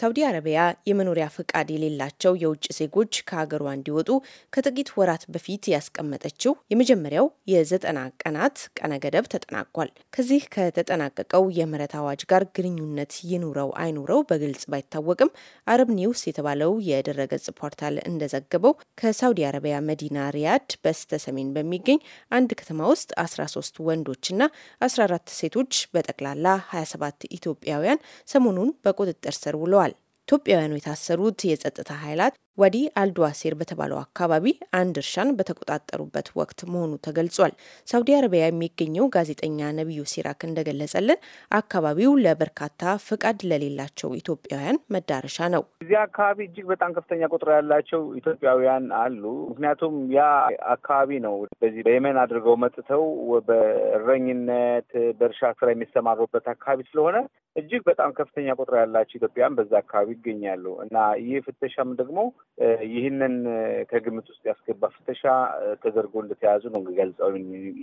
ሳውዲ አረቢያ የመኖሪያ ፈቃድ የሌላቸው የውጭ ዜጎች ከሀገሯ እንዲወጡ ከጥቂት ወራት በፊት ያስቀመጠችው የመጀመሪያው የዘጠና ቀናት ቀነ ገደብ ተጠናቋል። ከዚህ ከተጠናቀቀው የምህረት አዋጅ ጋር ግንኙነት ይኑረው አይኑረው በግልጽ ባይታወቅም አረብ ኒውስ የተባለው የድረገጽ ፖርታል እንደዘገበው ከሳውዲ አረቢያ መዲና ሪያድ በስተ ሰሜን በሚገኝ አንድ ከተማ ውስጥ 13 ወንዶችና 14 ሴቶች በጠቅላላ 27 ኢትዮጵያውያን ሰሞኑን በቁጥጥር ስር ውለዋል። ኢትዮጵያውያኑ የታሰሩት የጸጥታ ኃይላት ወዲ አልዱዋሴር በተባለው አካባቢ አንድ እርሻን በተቆጣጠሩበት ወቅት መሆኑ ተገልጿል። ሳውዲ አረቢያ የሚገኘው ጋዜጠኛ ነቢዩ ሲራክ እንደገለጸልን አካባቢው ለበርካታ ፍቃድ ለሌላቸው ኢትዮጵያውያን መዳረሻ ነው። እዚህ አካባቢ እጅግ በጣም ከፍተኛ ቁጥር ያላቸው ኢትዮጵያውያን አሉ። ምክንያቱም ያ አካባቢ ነው በዚህ በየመን አድርገው መጥተው በእረኝነት በእርሻ ስራ የሚሰማሩበት አካባቢ ስለሆነ እጅግ በጣም ከፍተኛ ቁጥር ያላቸው ኢትዮጵያውያን በዛ አካባቢ ይገኛሉ እና ይህ ፍተሻም ደግሞ ይህንን ከግምት ውስጥ ያስገባ ፍተሻ ተደርጎ እንደተያዙ ነው ገልጸው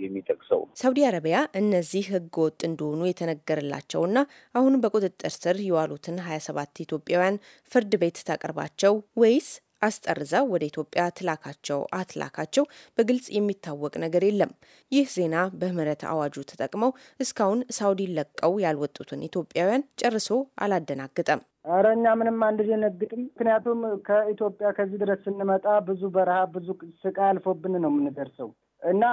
የሚጠቅሰው። ሳውዲ አረቢያ እነዚህ ህገ ወጥ እንደሆኑ የተነገረላቸውና አሁንም በቁጥጥር ስር የዋሉትን ሀያ ሰባት ኢትዮጵያውያን ፍርድ ቤት ታቀርባቸው ወይስ አስጠርዛው ወደ ኢትዮጵያ ትላካቸው አትላካቸው በግልጽ የሚታወቅ ነገር የለም። ይህ ዜና በምህረት አዋጁ ተጠቅመው እስካሁን ሳውዲ ለቀው ያልወጡትን ኢትዮጵያውያን ጨርሶ አላደናግጠም። እረ እኛ ምንም አንደነግጥም። ምክንያቱም ከኢትዮጵያ ከዚህ ድረስ ስንመጣ ብዙ በረሃ፣ ብዙ ስቃይ አልፎብን ነው የምንደርሰው። እና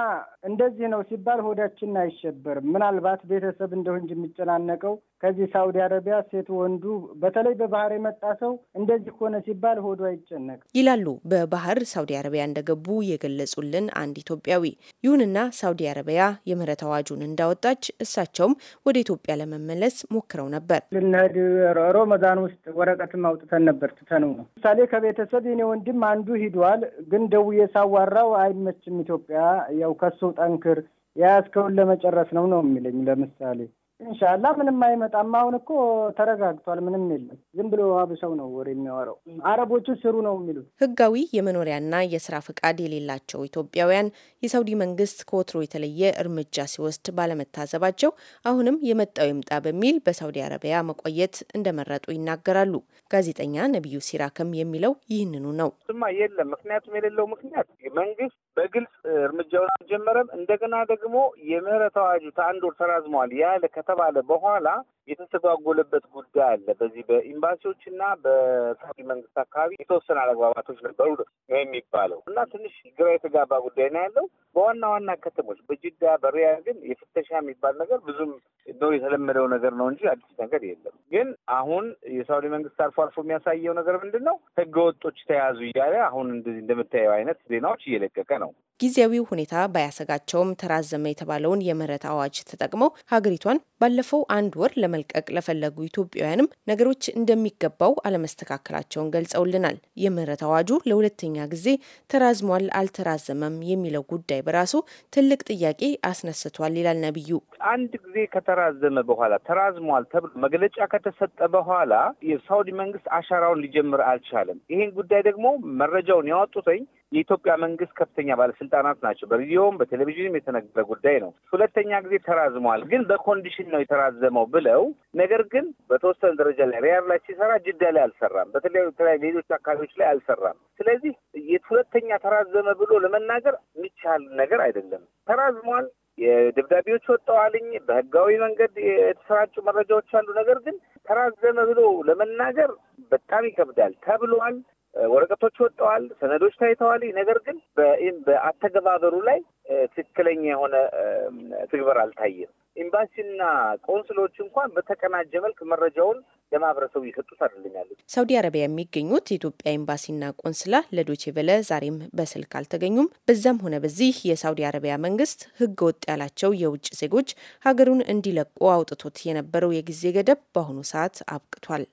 እንደዚህ ነው ሲባል ሆዳችን አይሸበርም። ምናልባት ቤተሰብ እንደሆን እንጂ የሚጨናነቀው ከዚህ ሳውዲ አረቢያ ሴት ወንዱ በተለይ በባህር የመጣ ሰው እንደዚህ ከሆነ ሲባል ሆዱ አይጨነቅም ይላሉ በባህር ሳውዲ አረቢያ እንደገቡ የገለጹልን አንድ ኢትዮጵያዊ። ይሁንና ሳውዲ አረቢያ የምህረት አዋጁን እንዳወጣች እሳቸውም ወደ ኢትዮጵያ ለመመለስ ሞክረው ነበር። ልንሄድ ሮመዳን ውስጥ ወረቀትም አውጥተን ነበር ትተነው ነው። ምሳሌ ከቤተሰብ የኔ ወንድም አንዱ ሂዷል፣ ግን ደውዬ ሳዋራው አይመችም ኢትዮጵያ ያው ከሱ ጠንክር፣ የያዝከውን ለመጨረስ ነው ነው የሚለኝ። ለምሳሌ እንሻላ ምንም አይመጣም። አሁን እኮ ተረጋግቷል፣ ምንም የለም። ዝም ብሎ ሀበሻው ነው ወሬ የሚያወራው። አረቦቹ ስሩ ነው የሚሉት። ህጋዊ የመኖሪያና የስራ ፍቃድ የሌላቸው ኢትዮጵያውያን የሳውዲ መንግስት ከወትሮ የተለየ እርምጃ ሲወስድ ባለመታዘባቸው አሁንም የመጣው ይምጣ በሚል በሳውዲ አረቢያ መቆየት እንደመረጡ ይናገራሉ። ጋዜጠኛ ነቢዩ ሲራክም የሚለው ይህንኑ ነው። ስማ የለም ምክንያቱም የሌለው ምክንያት መንግስት በግልጽ እርምጃውን አልጀመረም። እንደገና ደግሞ የምህረት አዋጁ ከአንድ ወር ተራዝሟል ያለ ከተባለ በኋላ የተስተጓጎለበት ጉዳይ አለ። በዚህ በኤምባሲዎች እና በሳውዲ መንግስት አካባቢ የተወሰነ አለግባባቶች ነበሩ ነው የሚባለው እና ትንሽ ግራ የተጋባ ጉዳይ ነው ያለው። በዋና ዋና ከተሞች በጅዳ በሪያድ ግን የፍተሻ የሚባል ነገር ብዙም ነው የተለመደው ነገር ነው እንጂ አዲስ ነገር የለም። ግን አሁን የሳውዲ መንግስት አልፎ አልፎ የሚያሳየው ነገር ምንድን ነው? ህገ ወጦች ተያዙ እያለ አሁን እንደምታየው አይነት ዜናዎች እየለቀቀ ነው። ጊዜያዊው ሁኔታ ባያሰጋቸውም ተራዘመ የተባለውን የምህረት አዋጅ ተጠቅመው ሀገሪቷን ባለፈው አንድ ወር ለመልቀቅ ለፈለጉ ኢትዮጵያውያንም ነገሮች እንደሚገባው አለመስተካከላቸውን ገልጸውልናል። የምህረት አዋጁ ለሁለተኛ ጊዜ ተራዝሟል አልተራዘመም የሚለው ጉዳይ በራሱ ትልቅ ጥያቄ አስነስቷል ይላል ነብዩ። አንድ ጊዜ ከተራዘመ በኋላ ተራዝሟል ተብሎ መግለጫ ከተሰጠ በኋላ የሳውዲ መንግስት አሻራውን ሊጀምር አልቻለም። ይሄን ጉዳይ ደግሞ መረጃውን ያወጡትኝ የኢትዮጵያ መንግስት ከፍተኛ ባለስልጣ ባለስልጣናት ናቸው። በሬዲዮም በቴሌቪዥንም የተነገረ ጉዳይ ነው። ሁለተኛ ጊዜ ተራዝሟል፣ ግን በኮንዲሽን ነው የተራዘመው ብለው ነገር ግን በተወሰነ ደረጃ ላይ ሪያድ ላይ ሲሰራ ጅዳ ላይ አልሰራም፣ በተለያዩ ሌሎች አካባቢዎች ላይ አልሰራም። ስለዚህ ሁለተኛ ተራዘመ ብሎ ለመናገር የሚቻል ነገር አይደለም። ተራዝሟል። የደብዳቤዎች ወጥተዋልኝ በህጋዊ መንገድ የተሰራጩ መረጃዎች አሉ። ነገር ግን ተራዘመ ብሎ ለመናገር በጣም ይከብዳል ተብሏል። ወረቀቶች ወጥተዋል፣ ሰነዶች ታይተዋል። ነገር ግን በአተገባበሩ ላይ ትክክለኛ የሆነ ትግበር አልታየም። ኤምባሲና ቆንስሎች እንኳን በተቀናጀ መልክ መረጃውን ለማህበረሰቡ እየሰጡት አይደለም ሳውዲ አረቢያ የሚገኙት የኢትዮጵያ ኤምባሲና ቆንስላ ለዶቼ ቬለ ዛሬም በስልክ አልተገኙም። በዛም ሆነ በዚህ የሳውዲ አረቢያ መንግስት ህገ ወጥ ያላቸው የውጭ ዜጎች ሀገሩን እንዲለቁ አውጥቶት የነበረው የጊዜ ገደብ በአሁኑ ሰዓት አብቅቷል።